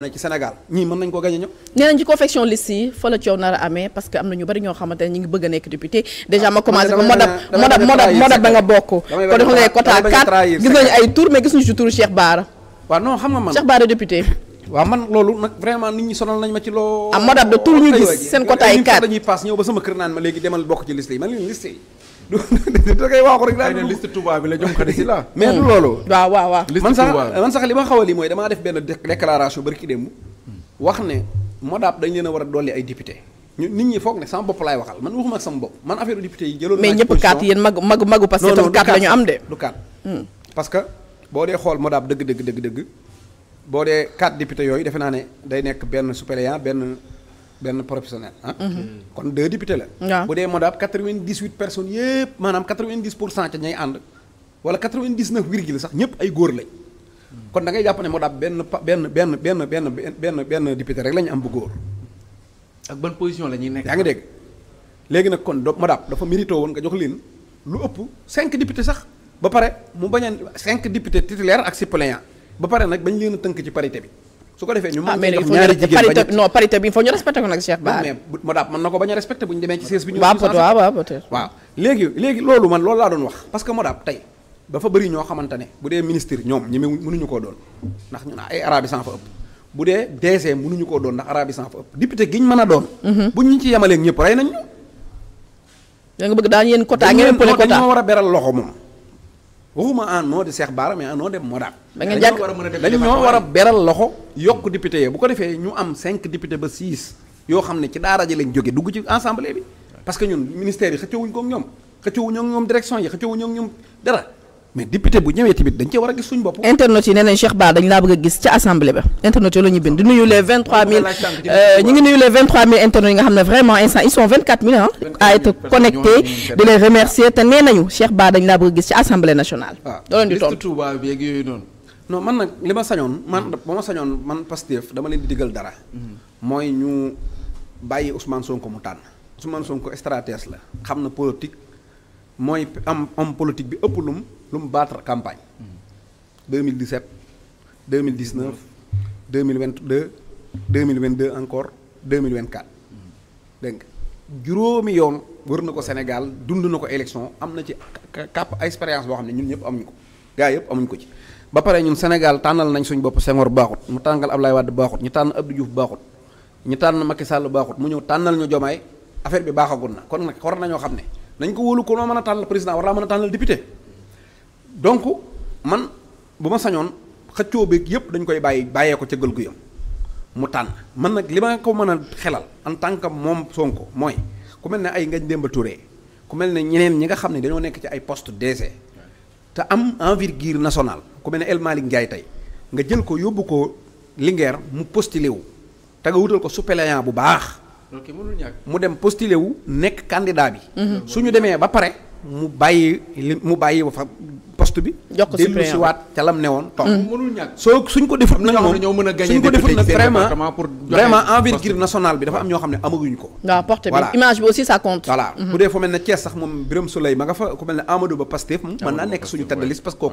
ne ci Sénégal ñii mën confection liste yi fa la coow nar amee parce que am na ñu bari ñoo xamante ne ñu ngi bëgg a nekk député déjà ah, ma commencé ko modab modab modab modab da nga bokk ko def nga quota gis nañu ay tour mais gis ñu ci tour Cheikh Bara waaw non député waaw man loolu nag vraiment nit ñi sonal nañ ma ci loo. am ah, madame de tout ñu gis seen quota ay kaat dañuy paas man bi la jom xadi si la. mais du hmm. loolu. waaw waaw waaw man sax man sax li ma xaw a lii mooy damaa def benn déclaration bari ki démb. wax ne Modap dañ leen war a dolli ay député ñu nit ñi foog ne sama bopp laay waxal man waxuma ak sama bopp man affaire député yi jëloon. mais ñëpp kaat yéen mag mag magu parce que tam kaat la ñu am de. du kaat hmm. parce boo dee xool Modap dëgg dëgg dëgg boo dee quatre députés yooyu defe naa ne day nekk benn suppléant benn benn professionnel ah. Mhm. Hmm. kon deux députés la. waaw bu dee MODAP quatre-vingt-dix-huit personnes yëpp maanaam quatre-vingt-dix pour cent ca ñay ànd wala quatre-vingt-dix-neuf virgule sax ñëpp ay góor lañ. Hmm. kon da ngay jàpp ne MODAP benn pa benn benn benn benn benn benn député rek la ñu am bu góor. ak ban position la ñuy nekk. yaa ngi dégg léegi nag kon do MODAP dafa mérité woon nga jox leen lu ëpp cinq députés sax ba pare mu bañ a cinq députés titulaires ak suppléants. ba pare nag bañ leen tënk ci parité bi su ko defee ñu ah, mën a jox ñaari jigéen parité bi il faut ñu respecté ma daal mën a respecté bu ñu demee ci sees loolu man loolu laa doon wax parce que moo daal tey dafa ñoo xamante ne bu dee ministre ñoom ñi ñu koo doon ndax ñu ay arabisant fa ëpp bu dee DG mënuñu doon ndax arabisant fa ëpp député gi ñu mën a doon mhm. bu ñu ci yemaleeg ñëpp rey nañ ñu da nga bëgg daan yéen quota ngeen pële quota war a beral loxo moom waxuma en nom de Cheikh Bara mais en nom de Modap. da ngeen jàkk dañu ñoo war a beral loxo yokk député yi bu ko defee ñu am 5 député ba 6 yoo xam ne ci daara ji lañ jóge dugg ci assemblée bi parce que ñun ministère yi xëccewuñ ko ñoom xëccewuñoo ak ñoom direction yi xëccewuñoo ak ñoom dara mais député bu ñëwee tamit dañ cee war a gis suñu bopp. internet yi nee nañ Cheikh Bara dañ laa bëgg a gis ca assemblée ba internet yi la ñu bind di nuyu les euh, ñu ngi nuyu les 23000 internet yi nga xam ne vraiment instant ils sont 24000 ah. à être connectés di les remercier te nee nañu Cheikh Bara dañ laa bëgg a gis ah, ma sañoon man hmm. ma sañoon man Pastef dama leen di digal dara. Hmm. mooy ñu bàyyi Ousmane Sonko mu tànn Ousmane Sonko la xam na politique mooy am homme politique bi ëpp lum lu mu battre campagne. mille 2017 2019 2022 deux encore 2024. dégg nga juróomi yoon wër na ko Sénégal dund na ko élection am na ci cap expérience boo xam ne ñun ñëpp amuñu ko gars yëpp amuñu ko ci. ba pare ñun Sénégal tànnal nañ suñ bopp Senghor baaxut mu tànnal Abdoulaye Wade baaxut ñu tànn Abdou Diouf baaxut ñu tànn Macky Sall baaxut mu ñëw tànnal ñu Jomaay affaire bi baaxagul na kon nag war nañoo xam ne nañ ko wóolu ko mën a tànnal président war naa mën a donc man bu ma sañoon xëccoo beeg yëpp dañ koy bàyyi bàyyee ko ca gël gu mu tànn man nag li ma ko mën a xelal en tant que moom Sonko mooy ku mel ne ay nga Demba Touré ku mel ne ñeneen ñi nga xam ne dañoo nekk ci ay poste DG te am envergure nationale ku mel ne El Malick Ndiaye tey nga jël ko yóbbu ko Linguère mu postulé wu te nga wutal ko suppléant bu baax. mu dem postulé wu nekk kandidaa bi. Mhm. su ñu demee ba pare mu bàyyi li mu bàyyi fa poste bi. jox ko suppléant dellu waat ca lam suñ ko defut nag moom ñoo mën a gagné député ci seen département pour bi dafa am ñoo xam ne amaguñ ko. waaw porte bi image bi aussi ça compte. voilà mhm. bu dee fu mel ne Thiès sax moom Birame Souleye ma nga fa ku mel ne Amadou Ba Pastef moom mën naa nekk suñu tête de kooku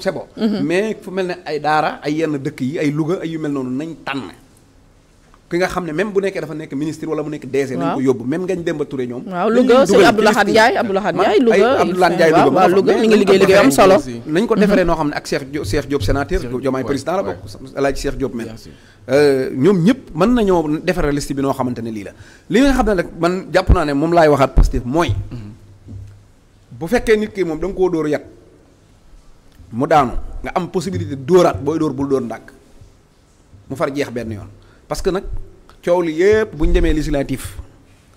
c'est mhm. mais fu mel ne ay daara ay yenn dëkk yi ay Louga ay yu mel noonu nañ tànn ki nga xam ne même bu nekkee dafa nekk ministre wala mu nekk DG nañ ko yóbbu même ngañ Demba Touré ñoom waaw Louga sëñ Abdoulahad liggéey liggéey am solo nañ ko hmm. defaree noo xam ne ak Cheikh Cheikh Diop sénateur Diomaye président la bokk El Hadj Cheikh Diop même euh, ñoom defaree liste bi noo xamante ne lii li nga xam ne nag man jàpp naa ne moom laay waxaat Pastef mooy bu fekkee nit ki moom danga koo dóor yàq mu daanu nga am possibilité dóoraat booy dóor bul dóor ndànk mu far jeex benn yoon parce que nag coow li yëpp bu ñu demee législatif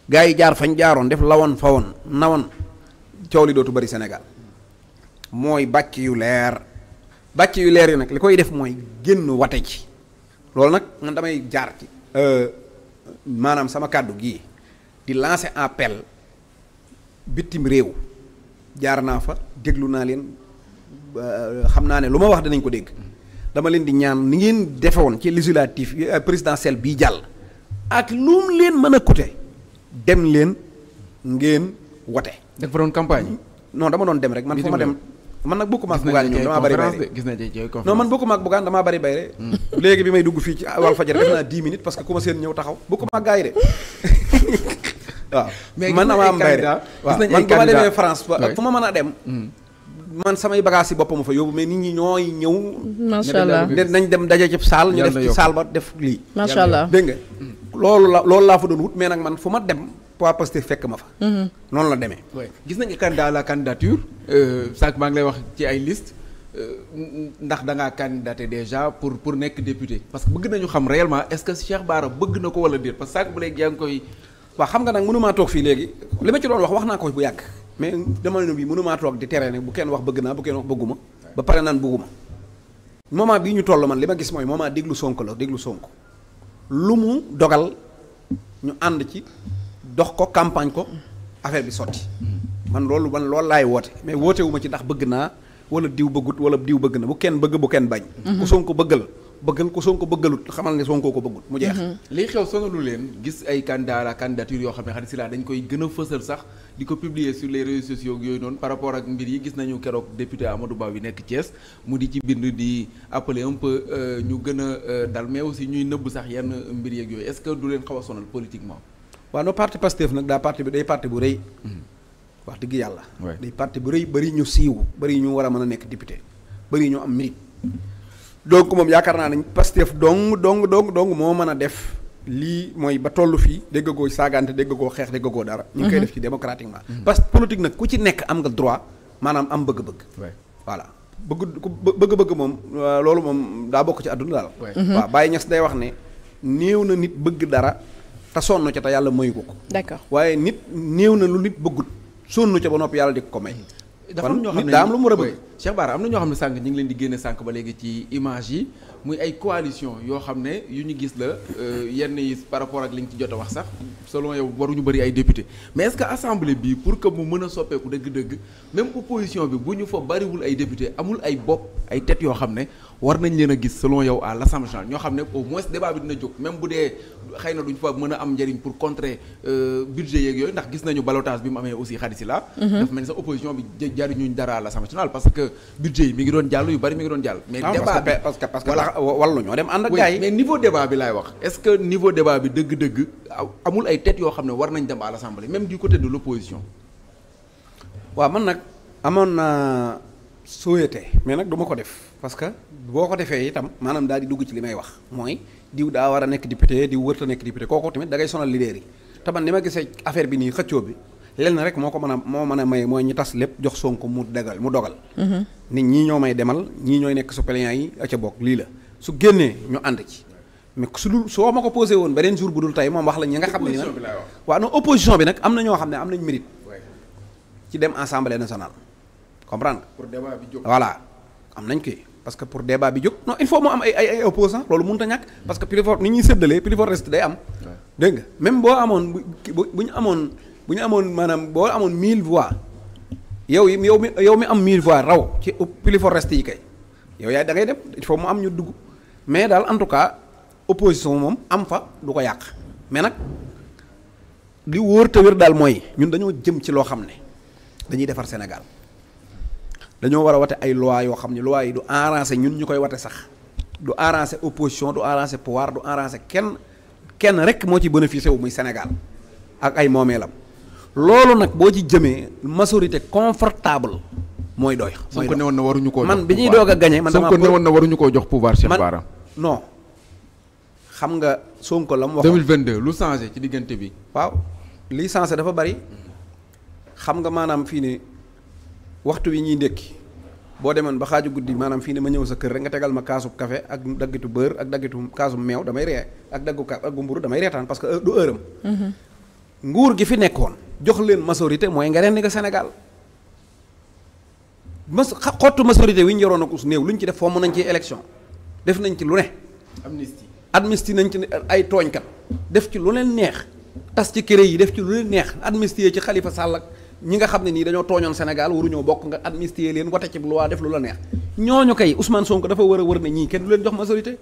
gars yi jaar fañ jaaroon def lawoon fawoon nawoon coow li dootu bëri senegal mooy bàcc yu leer bàcc yu leer yi nag li koy def mooy génn wate ci loolu nag man damay jaar ci euh, maanaam sama kàddu gii di lancer appel bitim réew jaar naa fa déglu naa leen euh, xam naa ne lu ma wax danañ ko dégg dama leen di ñaan ni ngeen defewoon ci législatif euh, présidentielle bii jàll ak lu mu leen mën a coûter dem leen ngeen wote. da nga fa doon campagne non dama doon dem rek man fu ma dem. man nag bokkuma ak bugaan ñoom damaa bari bay gis na non man bokkuma ak bugaan hmm. léegi bi may dugg fii ci ah, wàllu fajar def naa 10 minutes parce que ku ma seen ñëw taxaw bokkuma ak gars yi de man na am bay de waaw man bu ma demee France fu ma mën a dem. Hmm. man samay bagages yi boppam fa yóbbu mais nit ñi ñooy ñëw. macha nañ dem daje ci saal. ñu def ci saal ba def lii. macha allah dégg nga. loolu la loolu laa fa doon wut mais nag man fu ma dem. waa Pastef fekk ma fa. Mm-hmm. noonu la demee. gis na candidat à la candidature euh, sànq maa ngi lay wax ci ay list euh, ndax da ngaa candidaté déjà pour pour nekk député parce que bëgg nañu xam réellement est-ce que Cheikh Bara bëgg na ko wala déet parce que bu léegi yaa ngi koy. waaw xam nga nag mënumaa toog fii léegi li ma ci wax wax naa bu yàgg. mais jamono bi mënumaa toog di tere ne bu kenn wax bëgg naa bu kenn wax bëgguma ba pare naan bëgguma moment bii ñu toll man li ma gis mooy moomaa déglu Sonko la déglu Sonko lu mu dogal ñu ànd ci dox ko campagne ko affaire bi sotti man loolu man loolu laay woote mais woote wu ma ci ndax bëgg naa wala diw bëggut wala diw bëgg na bu kenn bëgg bu kenn bañ mhm. ku Sonko bëggal bëggal ko Sonko bëggalut xamal ne Sonko ko bëggut mu jeex mhm. liy xew sonalu leen gis ay candidat la candidature yoo xam ne xarit si laa dañ koy gën a sax di ko publier sur les réseaux sociaux yooyu noonu par rapport ak mbir yi gis nañu keroog député Amadou Ba bi nekk Thiès mu ci bind di appeler un peu euh, gën a euh, dal mais aussi ñuy nëbb sax yenn mbir yooyu est-ce que du leen xaw a sonal politiquement waaw no parti Pastef nag daa parti bi day parti bu rëy mhm. wax dëgg yàlla day parti bu rëy bëri ñu siiw bëri ñu war a mën a nekk député bëri ñu am mérite donc moom yaakaar naa ne Pastef dong dong dong dong moo mën a def lii mooy ba toll fii dégg goo saagante dégg koo xeex dégg goo dara. ñu ngi koy mhm. def ci démocratiquement. parce que politique nag ku ci nekk am nga droit maanaam am bëgg-bëgg. voilà bëgg bëgg-bëgg moom euh, loolu moom daa bokk ci àdduna daal. waaw mhm. Baye Niass day wax ne néew na nit bëgg dara te sonn ca te yàlla mayu ko ko. d'accord waaye nit néew na lu nit bëggut sonn ca ba noppi yàlla di ko may. Mhm. dafa ñoo xam ne daa am lu mu rëbëg Cheikh am na ñoo xam ne sànq ñu ngi leen di génne sànq ba léegi ci image yi muy ay coalition yoo xam ne yu ñu gis la euh, yenn yi par rapport ak li ñu ci jot a wax sax selon yow waruñu bëri ay député mais est-ce que assemblée bi pour que mu mën a soppeeku dëgg-dëgg même position bi bu ñu fa bariwul ay député amul ay bopp ay tête yoo xam ne war nañ leen a gis selon yow à l'Assemblée nationale ñoo xam ne au moins débat bi dina jóg même bu dee xëy na duñ fa mën a am njëriñ pour contrer euh, budget yooyu ndax gis nañu ballottage bi mu amee aussi xadisi la mhm. dafa mel ni sax opposition bi jariñuñ dara à l'Assemblée parce que budget yi mi ngi doon jàll yu bari mi ngi doon jàll mais ah, débat bi parce que parce que niveau débat bi dëgg-dëgg amul ay têtes yoo xam ne war nañ dem à l'Assemblée même du côté de l'opposition waaw sóoyate mais nag du ma ko def parce que boo ko defee itam maanaam daal di dugg ci li may wax mooy diw daa war a nekk député diw wërta nekk député kooko tamit da ngay sonal leader yi te man ni ma gisee affaire bi nii xëccoo bi lenn rek moo ko mën a moo mën a may mooy ñu tas lépp jox Sonko mu dagal mu dogal mhm. nit ñi ñoo may demal ñii ñooy nekk suppléants yi a ca bokk lii la su génnee ñu ànd ci mais su dul soo ma ko posé woon beneen jour bu dul tey moom wax la ñi nga xam ne nag waaw non opposition bi nag am na ñoo xam ne am nañ mérite ci dem assemblée nationale comprendre pour débat bi jóg voilà am nañ koy parce que pour débat bi jóg non il faut moo am ay ay ay opposant loolu mënut a ñàkk parce que plus fort ni ñuy séddalee plus fort reste am. dégg nga même boo amoon bu ñu amoon bu ñu amoon maanaam boo amoon 1000 voix yow yi yow mi yow mi am 1000 voix raw ci plus fort reste yi kay yow yaay da ngay dem il faut mu am ñu dugg mais daal en tout cas opposition moom am fa du ko yàq mais nag li wóor te daal mooy ñun dañoo jëm ci loo xam ne dañuy defar Sénégal. dañoo war a wate ay loi yoo xam ne loi yi du arranger ñun ñu koy wate sax du arranger opposition du arranger pouvoir du arranger kenn kenn rek moo ci bénéficié wu muy Sénégal ak ay moomeelam loolu nag boo ci jëmee majorité confortable mooy doy. mooy doy Sonko newoon na waruñu koo jox man bi ñuy doog a gagné. man dama Sonko newoon na waruñu koo jox pouvoir Cheikh Bara non xam nga Sonko la mu wax. 2022 lu changé ci diggante bi. waaw li changé dafa bari xam nga maanaam fii nii. waxtu wi ñuy ndékki boo demoon ba xaaju guddi maanaam fii ne ma ñëw sa kër rek nga tegal ma kaasub café ak daggitu beurre ak daggitu kaasu meew damay ree ak daggu ka ak mburu damay reetaan parce que du heure mhm. nguur gi fi nekkoon jox leen majorité mooy nga ren ni nga Sénégal mas xottu majorité wi ñu yoroon ak us néew lu ñu ci def fomm nañ ci élection def nañ ci lu ne amnistie amnistie nañ ci ay tooñkat def ci lu leen neex tas ci kër yi def ci lu leen neex ci Khalifa Sall ñi nga xam ne nii dañoo tooñoon Sénégal waruñoo bokk nga amnistie leen wate ci loi def lu la neex ñooñu kay Ousmane Sonko dafa war a war ne ñii kenn du leen jox majorité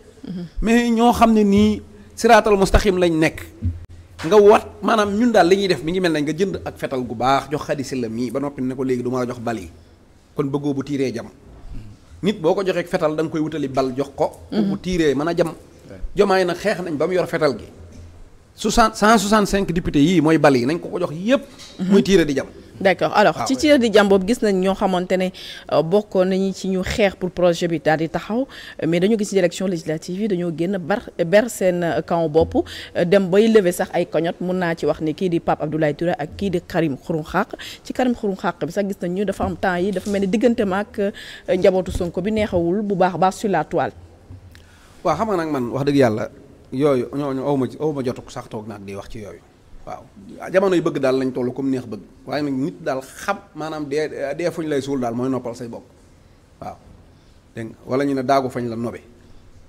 mais ñoo xam ne nii siraatal mustaxim lañ nekk nga wat maanaam ñun daal li ñuy def mi ngi mel nañ nga jënd ak fetal gu baax jox xadisi la mii ba noppi ne ko léegi du ma la jox bal yi kon bëggoo bu tiiree jam nit boo ko joxee fetal da nga koy wutali bal jox ko bu tiiree mën a jam jomaay nag xeex nañ ba mu yor fetal gi 60 165 députés yii mooy bal yi nañ ko ko jox yépp muy tiiree di jam d' accord alors ah ci ci di jàmm boobu gis nañ ñoo xamante ne euh, bokkoon nañu ci ñu xeex pour projet bi daal di taxaw mais dañoo gis ci élection législative yi dañoo génn bar ber seen camp euh, bopp euh, dem bay lever sax ay cagnotte mun naa ci wax ni kii di Pape Abdoulaye Touré ak kii di Karim Xurum xàq ci Karim Xurum xàq bi sax gis nañ ñu dafa am temps yi dafa mel ni diggante maak njabootu Sonko bi neexawul bu baax baax sur la toile. waaw xam nga nag man wax dëgg yàlla yooyu ñooñu aw ma aw ma jotuk sax toog naag di wax ci yooyu. waaw ah, jamono yi bëgg daal lañu toll comme neex bëgg waaye nag nit daal xam maanaam dee eh, dee fuñ lay suul daal mooy noppal say bopp waaw dégg nga wala ñu ne daagu fañ la nobe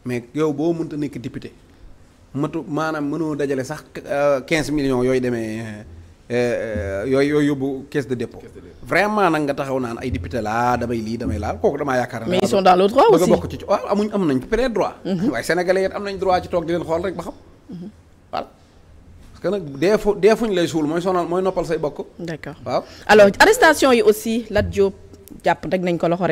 mais yow boo mënta nekk député maanaam mënoo dajale sax 15 eh, millions yooyu demee eh, yooyu yooyu yóbbu caisse de dépôt. vraiment nag nga taxaw naan ay député laa damay lii damay laal kooku damaa yaakaar ne. mais ils sont dans le droit aussi bëgg a bokk ci waaw amuñ am nañ peut-être droit. Mhm. waaye sénégalais yi am nañ droit ci toog di leen xool rek ba xam. Mhm. parce nag dee fu dee fuñ lay suul mooy sonal mooy noppal say bokk. d'accord waaw alors arrestation yi aussi Lat Diop jàpp deg nañ ko loxo